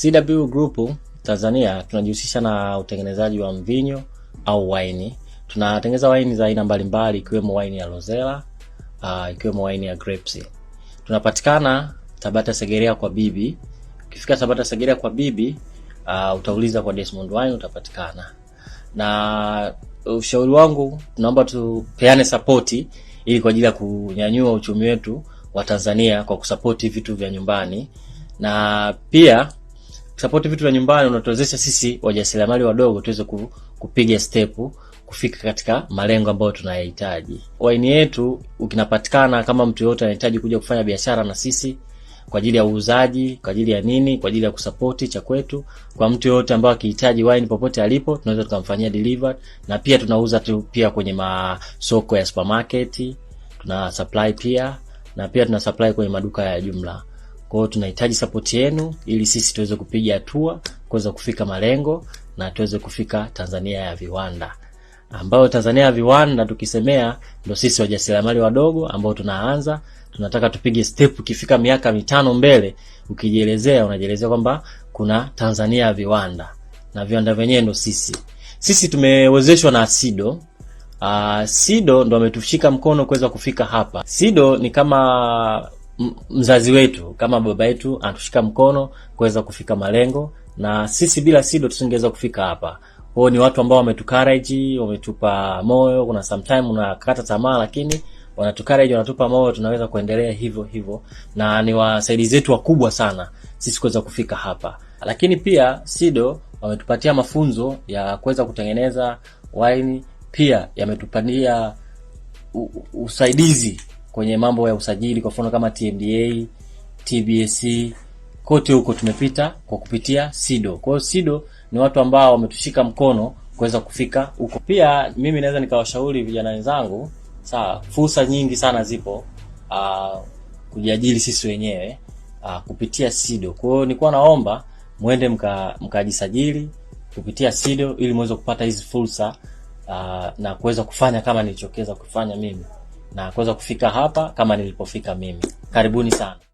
CW Group Tanzania tunajihusisha na utengenezaji wa mvinyo au waini. Tunatengeneza waini za aina mbalimbali ikiwemo waini ya Rosella, uh, ikiwemo waini ya grapes. Tunapatikana Tabata Segerea kwa bibi. Ukifika Tabata Segerea kwa bibi, uh, utauliza kwa Desmond Wine utapatikana. Na ushauri wangu tunaomba tupeane sapoti ili kwa ajili ya kunyanyua uchumi wetu wa Tanzania kwa kusapoti vitu vya nyumbani na pia sapoti vitu vya nyumbani unatuwezesha sisi wajasiriamali wadogo tuweze kupiga stepu kufika katika malengo ambayo tunayahitaji. Waini yetu ukinapatikana, kama mtu yoyote anahitaji kuja kufanya biashara na sisi kwa ajili ya uuzaji, kwa ajili ya nini, kwa ajili ya kusapoti cha kwetu. Kwa mtu yoyote ambayo akihitaji wine popote alipo, tunaweza tukamfanyia delivered, na pia tunauza tu pia kwenye masoko ya supermarket, tuna supply pia na pia tuna supply kwenye maduka ya jumla kwao tunahitaji sapoti yenu ili sisi tuweze kupiga hatua kuweza kufika malengo na tuweze kufika Tanzania ya viwanda, ambayo Tanzania ya viwanda tukisemea ndo sisi wajasiriamali wadogo ambao tunaanza. Tunataka tupige step, ukifika miaka mitano mbele, ukijielezea unajielezea kwamba kuna Tanzania ya viwanda na viwanda vyenyewe ndo sisi. Sisi tumewezeshwa na SIDO. Uh, SIDO ndo ametushika mkono kuweza kufika hapa. SIDO ni kama mzazi wetu kama baba yetu anatushika mkono kuweza kufika malengo, na sisi bila SIDO tusingeweza kufika hapa. Kwao ni watu ambao wametukaraji, wametupa moyo. Kuna sometime unakata tamaa, lakini wanatukaraji, wanatupa moyo, tunaweza kuendelea hivyo hivyo, na ni wasaidizi wetu wakubwa sana sisi kuweza kufika hapa. Lakini pia SIDO wametupatia mafunzo ya kuweza kutengeneza waini, pia yametupatia usaidizi kwenye mambo ya usajili, kwa mfano kama TMDA, TBSC, kote huko tumepita kwa kupitia SIDO. Kwa hiyo SIDO ni watu ambao wametushika mkono kuweza kufika huko. Pia mimi naweza nikawashauri vijana wenzangu, sawa, fursa nyingi sana zipo uh, kujiajiri sisi wenyewe uh, kupitia SIDO. Kwa hiyo nilikuwa naomba muende mkajisajili mka kupitia SIDO ili muweze kupata hizi fursa uh, na kuweza kufanya kama nilichokeza kufanya mimi na kuweza kufika hapa kama nilipofika mimi. Karibuni sana.